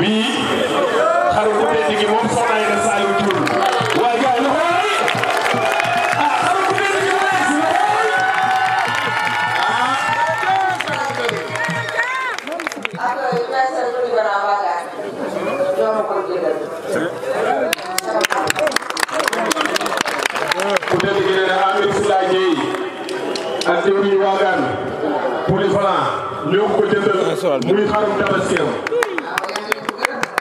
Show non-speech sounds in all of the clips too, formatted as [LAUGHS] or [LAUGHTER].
bii xarit bu tedd gi moom soxna Aida Saliou Thioune waaye gars yi loxo yi ah xarit bu tedd gi mooy si ah ak may sa lu ñu gëna waagaat ñoo ma ko jëgal ku tedd gi nee na Amir Sula Dieye ak jëwriñ waagaan pour di falan ñoo ko jëndal muy xarum tabaski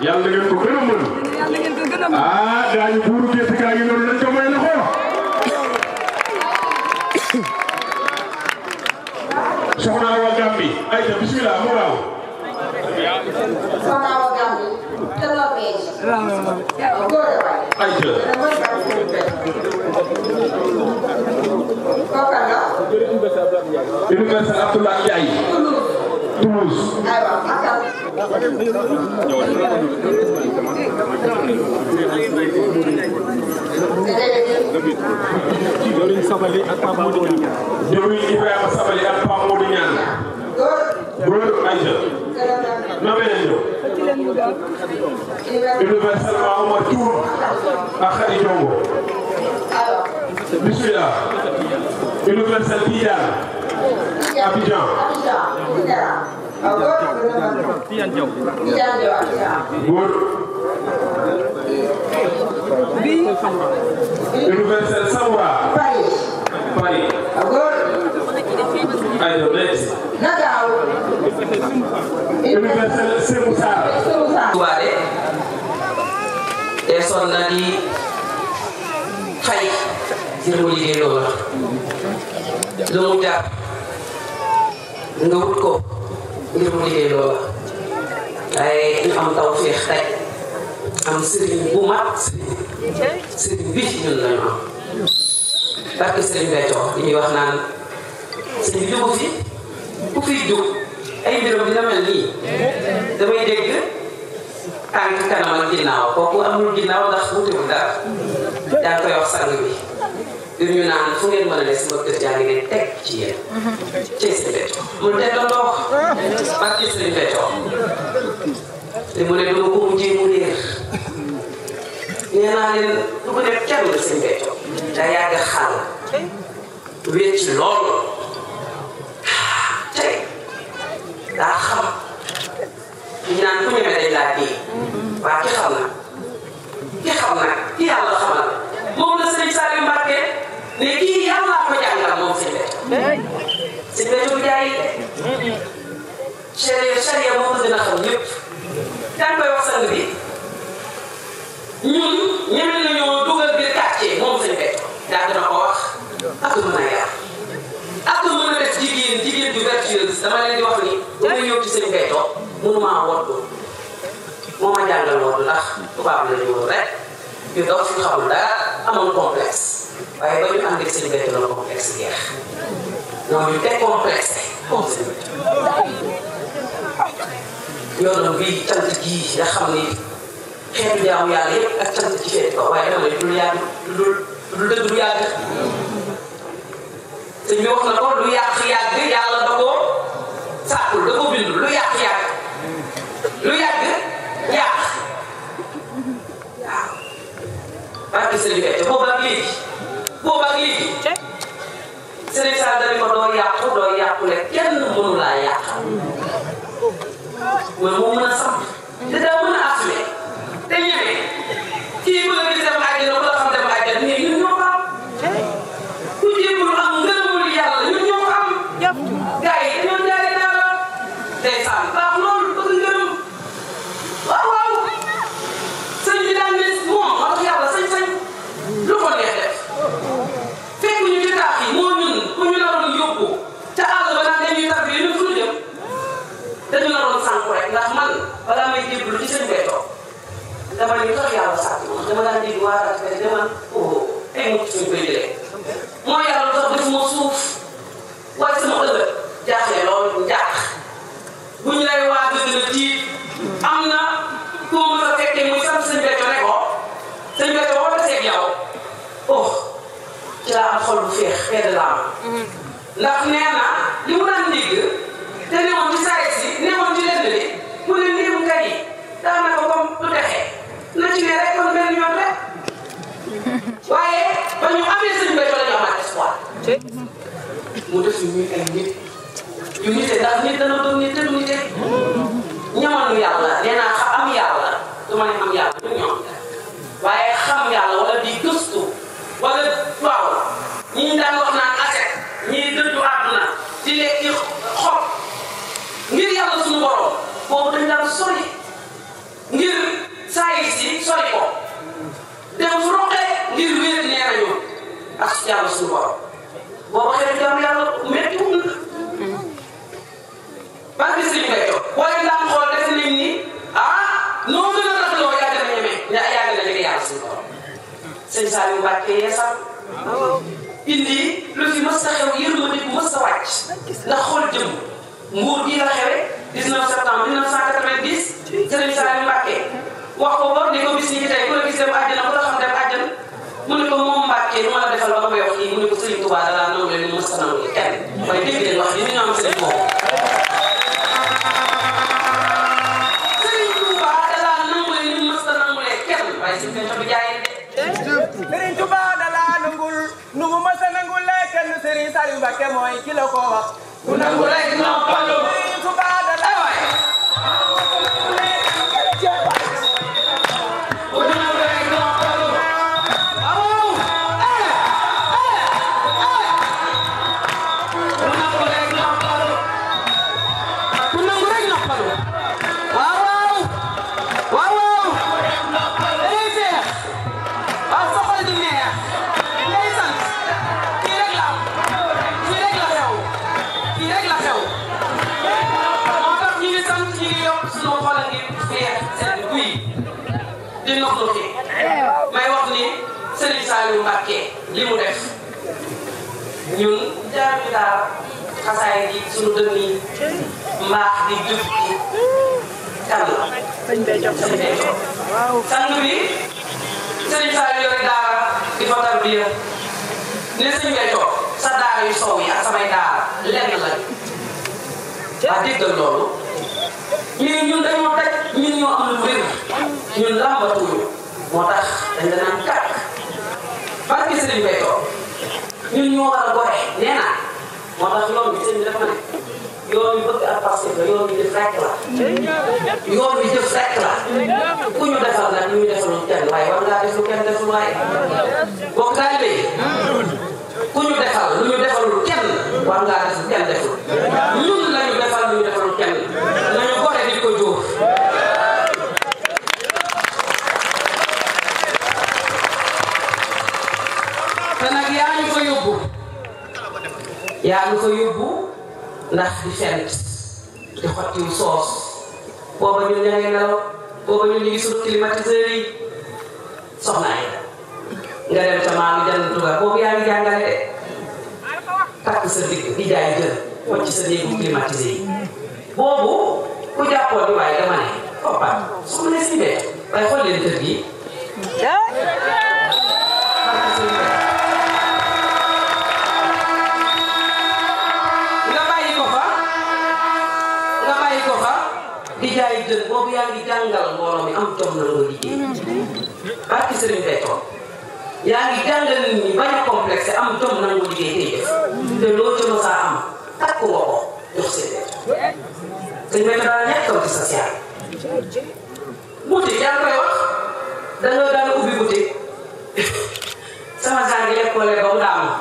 yàlla ngeen ko gën a mën. yàlla ngeen ko gën a mën. ah daañu buuru gerte gaa ngi noonu nañu ko may loxo. soxna Awa Gambi ayca bisimilah mu raaw. soxna Awa Gambi. delloo pej. waaw góor a waay. ayca. kooku ànd ak. Université Abdoulaye Ndiaye. Toulouse. Toulouse. aywa. jëwriñ Sabali ak Pape Modou Niang. jëwriñ Ibrahima Sabali ak Pape Modou Niang. góor Aïcha. nommé nañu universellement Omar Tour ak Khady Jongo. bismillah. universel Tidiane. Abidjan. Tidiane Diaw Tidiane Diaw góor bi université Samoura Paris Paris góor aywa next Nakaw université Sémou Sarr waare e sonnani nga wut ko ñu ko liggéey loola waaye ñu am taw féex tey am sëriñ bu mat sëriñ bi ñun la ñu am barke sëriñ Béthio li ñuy wax naan sëriñ bi jógu fi ku fiy jóg ay mbiram dina mel nii damay dégg tànk kanam ak ginnaaw kooku amul ginnaaw ndax wutewul dara daa koy wax sang bi yu ñu naan fu ngeen mën a ne sama kër jaa ngi ne teg ci yéen. cee si béy mu teg la toog barki sëriñ béy toog te mu ne dama ko mujjee mu réer nee naa leen du ko def kenn sëriñ béy toog da yàgg xaal wéet lool tey daa xam ñu naan ku ñeme dañ laa dee waa ki xam na ki xam na ki yàlla xamal. mais kii yàlla ko jàngal moom si benn si benn jaay yi charia charia moo ko gën a xam ñëpp daan koy wax sang bi ñun ñeme nañoo dugal biir quartier moom seen benn daa dina ko wax ak mën a yar ak mën a def jigéen jigéen ju vertueuse dama leen di wax ni damay ñëw ci seen benn mënumaa woddu moo ma jàngal woddu ndax tubaab la ñu rek ñu dox fi xamul dara amoon complexe waaye ba ñu ànd ak seen benn la complexe jeex ñoom ñu décomplexé comme seen yoonam bi cant gii nga xam ni xeetu jaamu yàlla yëpp ak cant gi feeti ko waaye dama ne du yàgg lu lu dëgg du yàgg te ñu lu yàq yàgg yàlla da ko ko lu yàq yàgg lu yàgg yàq waaw. parce que seen i feete boobu ak léegi. boobaak léegi sëriñ Saal dana ko doo yàqu doo yàqule kenn mënu laa yàq mooy moo mën a sant dama daan dégg waa rajo bi dama oh ay mucc suñ koy jëlee. moo yàlla dox ba ci ma suuf waaye sama ëllëg jaaxle loolu bu jaax bu lay waa dëgg la tiit am na ku mu sa fekkee muy sant sëñ Béthio ne ko sëñ Béthio woo la oh laa xol bu féex xeet laa am ndax nee na li mu daan dégg te newoon ci saa si newoon ci lenn li mu ne néew kay daanaka comme du dexe na ci ne rek. nite mu def ñuy ay nit yu nite ndax nit dana doon nit te du nite ñamanu nee naa am yàlla duma ne xam yàlla wala di gëstu wala waaw ñi daan wax naan aset ñi dëddu àdduna di ngir saa yi si sori ko dem fu roqee ngir wér nee nañu ak yàlla suñu boo waxee rek jaamu yàlla méttiwul na. parce que si li ngay jox waaye daan xool def nañ ni ah noo gën a rafetloo yaa gën a ñeme ña yaa gën a jege yàlla suñu borom. sëñ Saliou yeesal. indi lu fi mës a xew yërmande bu mës a wàcc. ndax xool jëm nguur gi nationale bu kenn mooy dégg ngeen wax yi ni nga am seen moom. Serigne Touba da laa nangulee ni mu mës a nangulee kenn waaye si fexe bu jaayee de. Serigne Touba da laa nangul nu mu mës a nangulee kenn Serigne Saliou Mbacké mooy ki la ko wax. bu nangu rek noppaloo. Saliou Mbacké li mu def ñun jaar ñu di sunu dënn yi di jub kan la sëñ Béthio sang bi sëñ Saliou yore daara di fa tarbiya ne sa daara yu soow yi ak samay daara lenn lañ waa déggal loolu ñu ñun dañoo daj ñun ñoo am lu wér ñun làmbatuñu lañ koy toog ñun ñoo war a gore nee naa moo tax yoon bi sëñ bi dafa ne yoon bi bëgg ak parce que yoon bi def rek la yoon bi def rek la ku ñu defal nag ñu ñu defaloon kenn waaye war ngaa def lu kenn deful waaye bokk taalibe ku ñu defal lu ñu defalul kenn war ngaa def lu kenn deful ñun lañu def yaa ngi ko yóbbu ndax di ferit di xottiw soos booba ñun ña ngay nelaw booba ñu ngi suñu climatiseur yi soxnaa yi nga dem ca maam jënd dugal boobu yaa ngi jàngale de takk sa digg di jël wàcc sa néegu climatisé yi boobu ku jàppoon waaye dama ne su mu ne si waaye xool leen kër gi di jaay jën boobu yaa ngi jàngal mbooloo mi am jom na la nga liggéey barki sëriñ Béthio yaa ngi jàngal nit ñi bañ a complexe am jom na nga liggéey tey def te loo ci a am takk nga ko jox seen sëñ Béthio daal ñàkk a wuti social boutique yaa ngi koy wax dañoo daan ubbi boutique sama saa ngi lekk wala ba mu daanu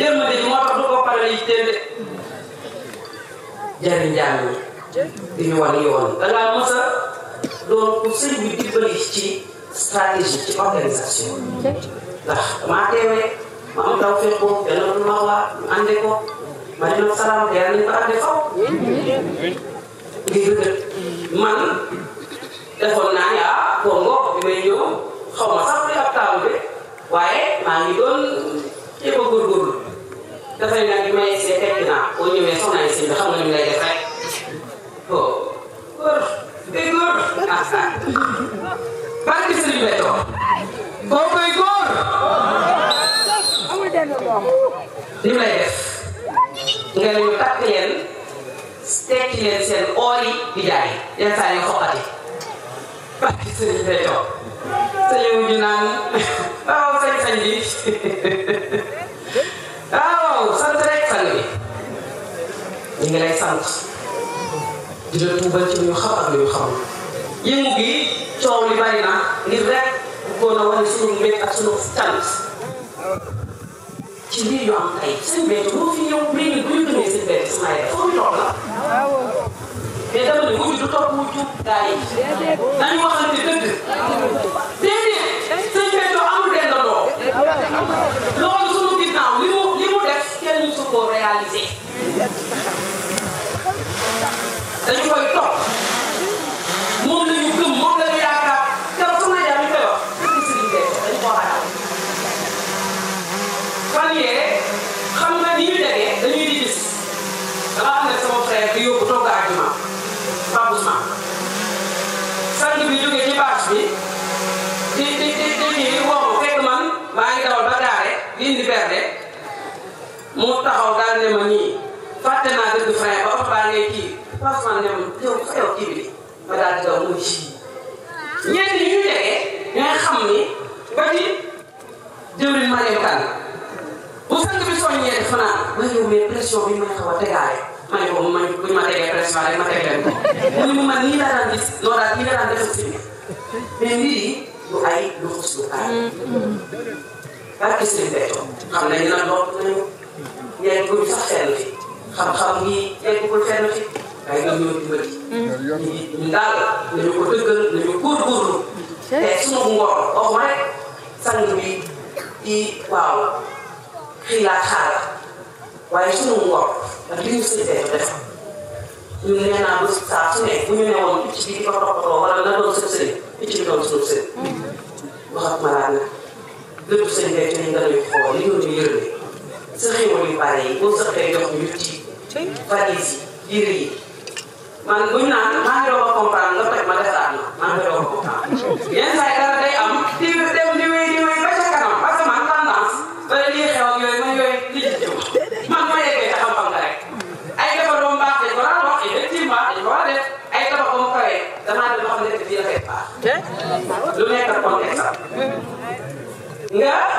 yërmande ji moo tax du ko faral yi téere jariñ jàng di yoon yoon da ngaa doon ku sëñ bi ci stratégie ci organisation ndax maa teewee ma taw feex ko yàlla lu ma waa ñu ànde ko ma di te yàlla nañ ko ànde faw ngir man defoon naa ni ah bongo bi may ñëw xaw ma sax di ab taalu bi waaye maa ngi doon jéem a góorgóorlu dafay nag bi may see tekki naa boo ñëwee soxna yi si bi xam nañu lay def rek góor day góor ah ah barke Sëriñ Béthio koo koy góor li may def nga ñu takk leen tekki leen seen oor yi di jaay yenn saa yu xoqati barke Sëriñ Béthio sañu ñu naan waaw sañ-sañ bi waaw sant rek sang bi ñu ngi di la tuubal ci lu ñu xam ak lu ñu xamul yëngu gi rek bëggoon a wane suñu mbéy ak suñu ci mbir yu am tey seen mbéy moo fi ñëw mbéy mi bu ñu gënee seen mbéy la mais dama ne mujj du topp mujj gaa yi nañu waxante dëgg déedéet seen mbéy amul dendandoo loolu ko réaliser bi ci ci ci ci lii woowu fekk man maa ngi dawal ba gaare lii liberté mu taxaw daal ne ma nii fàtte naa dëgg frein ba oto baa ngay kii pansement ne ma yow sa yow kii bi ma di daw mu ngi ci ñenn ñi ñu jege xam ni ba ci jëwriñ Mariam Kane bu sang bi soññee def ma yow mais pression bi may xaw a ma ne ma buñ ma tegee pression rek ma teg leen ko ma nii laa daan mais lii du ay lu xus lu kaay. barke seen béykat xam nañu la lool nañu. yeggul sax fenn fi xam-xam yi yeggul fenn fi waaye ñoom ñoo dimbali. ñu daal nañu ko dëggal nañu góorgóorlu. te suma ngor waxu rek sang bi di waaw xiilaat xaala waaye sunu ngor ak li ñu seen béykat dafa. ñun nee naa ba saa su ne bu ñu newoon picc bi di ko toppatoo wala la doon sëb sëb picc bi doon sëb sëb. waxat ma laal na gëtu sëñ bi te ñu dañuy xool li ñu ñu yërële sa xéwal yu bare yi boo sëqee jox ñu ci valise yi yére yi man bu ñu naan maa ngi doon comprendre nga toj ma desaat na maa ngi doon comprendre [LAUGHS] yenn saa lu nekk contexte am nga